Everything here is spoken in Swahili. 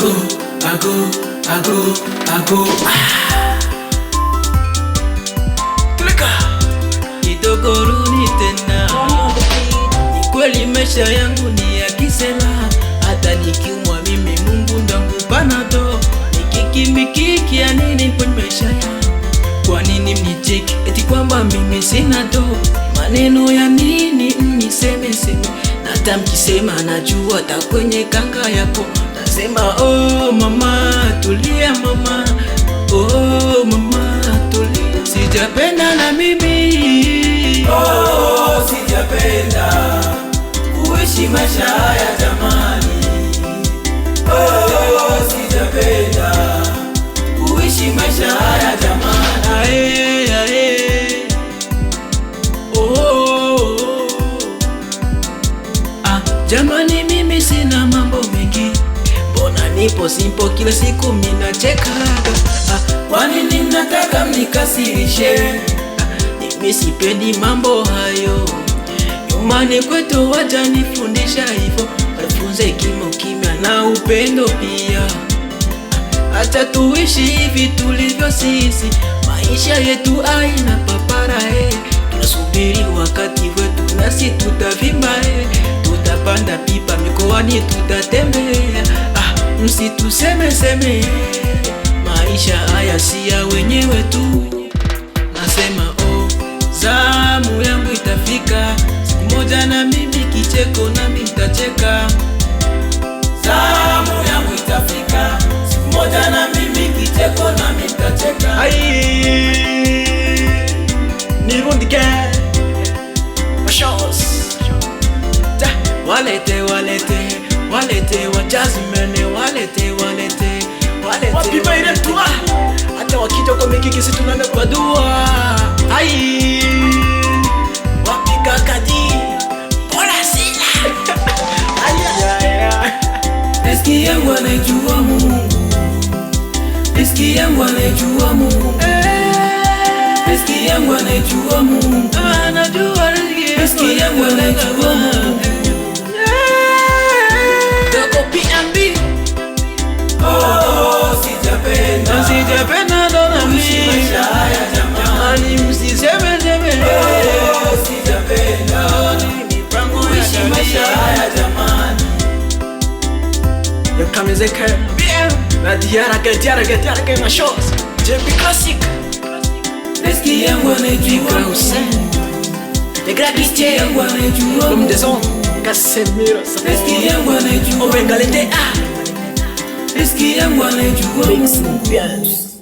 go, I go, I go, I go. Klika kidogo rudi tena, ni kweli maisha yangu ni ya kisela, hata nikiumwa mimi Mungu ndangu panado, nikikimikiki ya nini kwenye maisha yangu? Kwa nini mnicheki eti kwamba mimi sina do? Maneno ya nini mniseme seme? Nata mkisema najua ta kwenye kanga yako Sema oh mama tulia mama, oh mama tulia, sijapenda na mimi oh, sijapenda kuishi maisha haya jamani, oh, sijapenda kuishi maisha haya jamani, ae, ae. Oh, oh, oh. Ah, jamani nipo simpo, kila siku cheka. Ah, kwani ninataka mnikasirishe? Ah, mimi sipendi mambo hayo, nyumbani kwetu waja nifundisha hivyo, wafunze kimo kimya na upendo pia. Ah, acha tuishi hivi tulivyo sisi, maisha yetu aina papara eh. Tunasubiri wakati wetu, nasi tutavimba eh. Tutapanda pipa mikoani, tutatembea msituseme seme, maisha haya si ya wenyewe tu. Nasema o oh, zamu yangu itafika siku moja, na mimi kicheko nami nitacheka. Zamu yangu itafika siku moja, na mimi kicheko nami nitacheka. Nirundike mashos walete walete walete wajazimene, walete walete walete, wapima ile tua, hata wakija kwa mikiki kisi tunane kwa dua ai wapika kadi bora sila Riziki yangu anaijua Mungu, riziki yangu anaijua Mungu, eh. yangu Mungu, anajua yangu yakameze ke na diyarake diyarake diyarake na shows JP Classic Eski yangu anajua Hussein The greatest yangu anajua L'homme des hommes Casemiro Eski yangu anajua Obengalete A Eski yangu anajua Mix Bias